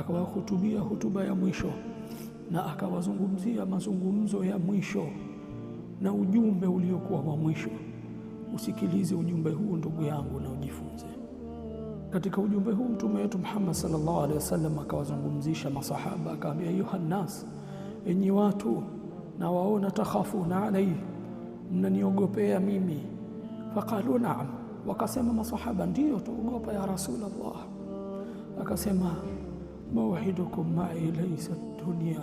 akawahutubia hutuba ya mwisho na akawazungumzia mazungumzo ya mwisho na ujumbe uliokuwa wa mwisho. Usikilize ujumbe huu ndugu yangu, na ujifunze katika ujumbe huu. Mtume wetu Muhammad sallallahu alaihi wasallam akawazungumzisha masahaba, akawaambia ayuha nnas, enyi watu, na waona takhafuna alaihi, mnaniogopea mimi. Faqalu naam, wakasema masahaba, ndiyo tuogopa ya Rasulullah. Akasema mawahidukum mai laisa dunia,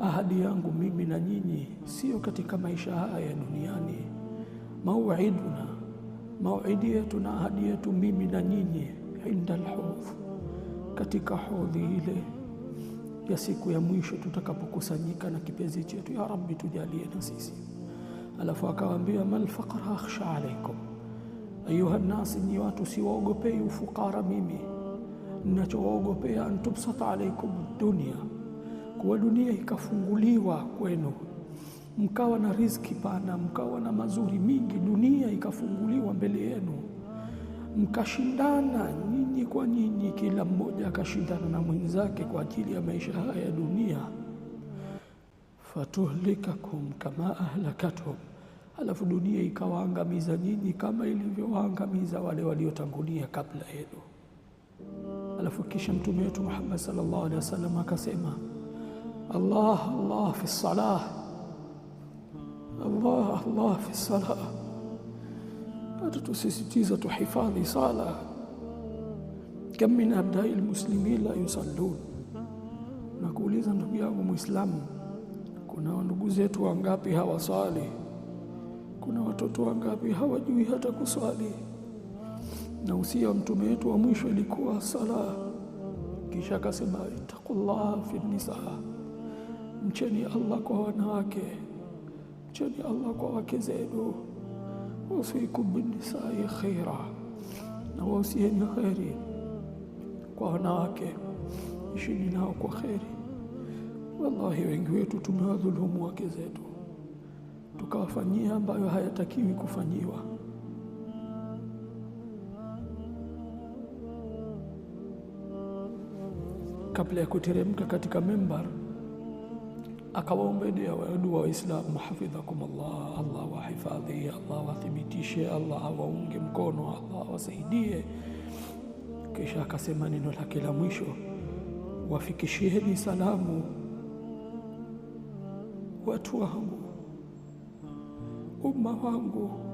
ahadi yangu mimi na nyinyi siyo katika maisha haya ya duniani. Mauiduna, mauidi yetu na ahadi yetu mimi na nyinyi, inda alhudh, katika hodhi ile ya siku ya mwisho tutakapokusanyika na kipenzi chetu. Ya Rabbi, tujalie na sisi. Alafu akawaambia malfaqra akhsha alaikum ayuha nnasi, nyi watu siwaogopei ufukara mimi mnachoogopea antubsata alaikum dunia, kuwa dunia ikafunguliwa kwenu mkawa na riziki pana, mkawa na mazuri mingi, dunia ikafunguliwa mbele yenu, mkashindana nyinyi kwa nyinyi, kila mmoja akashindana na mwenzake kwa ajili ya maisha haya ya dunia. fatuhlikakum kama ahlakathum, alafu dunia ikawaangamiza nyinyi kama ilivyowaangamiza wale waliotangulia kabla yenu. Alafu kisha mtume wetu Muhammad sallallahu alaihi wasallam akasema, Allah Allah fi salah, Allah Allah fi salah. Atatusisitiza tuhifadhi sala. Kam min abdai lmuslimin la yusallun. Nakuuliza ndugu yangu Muislamu, kuna ndugu zetu wangapi hawasali? Kuna watoto wangapi hawajui hata kuswali? na usia wa mtume wetu wa mwisho ilikuwa sala, kisha akasema ittaqullaha fi nisa, mcheni Allah kwa wanawake, mcheni Allah kwa wake zenu. Wasikum binnisai khaira, na wausieni kheri kwa wanawake, ishini nao kwa kheri. Wallahi, wengi wetu tumewadhulumu wake zetu tukawafanyia ambayo hayatakiwi kufanyiwa. kabla ya kuteremka katika mimbar akawaombea wadua Waislamu, hafidhakum Allah allah wahifadhi, Allah wathibitishe, Allah awaunge mkono, Allah awasaidie. Kisha akasema neno lake la mwisho, wafikishieni salamu watu wangu, umma wangu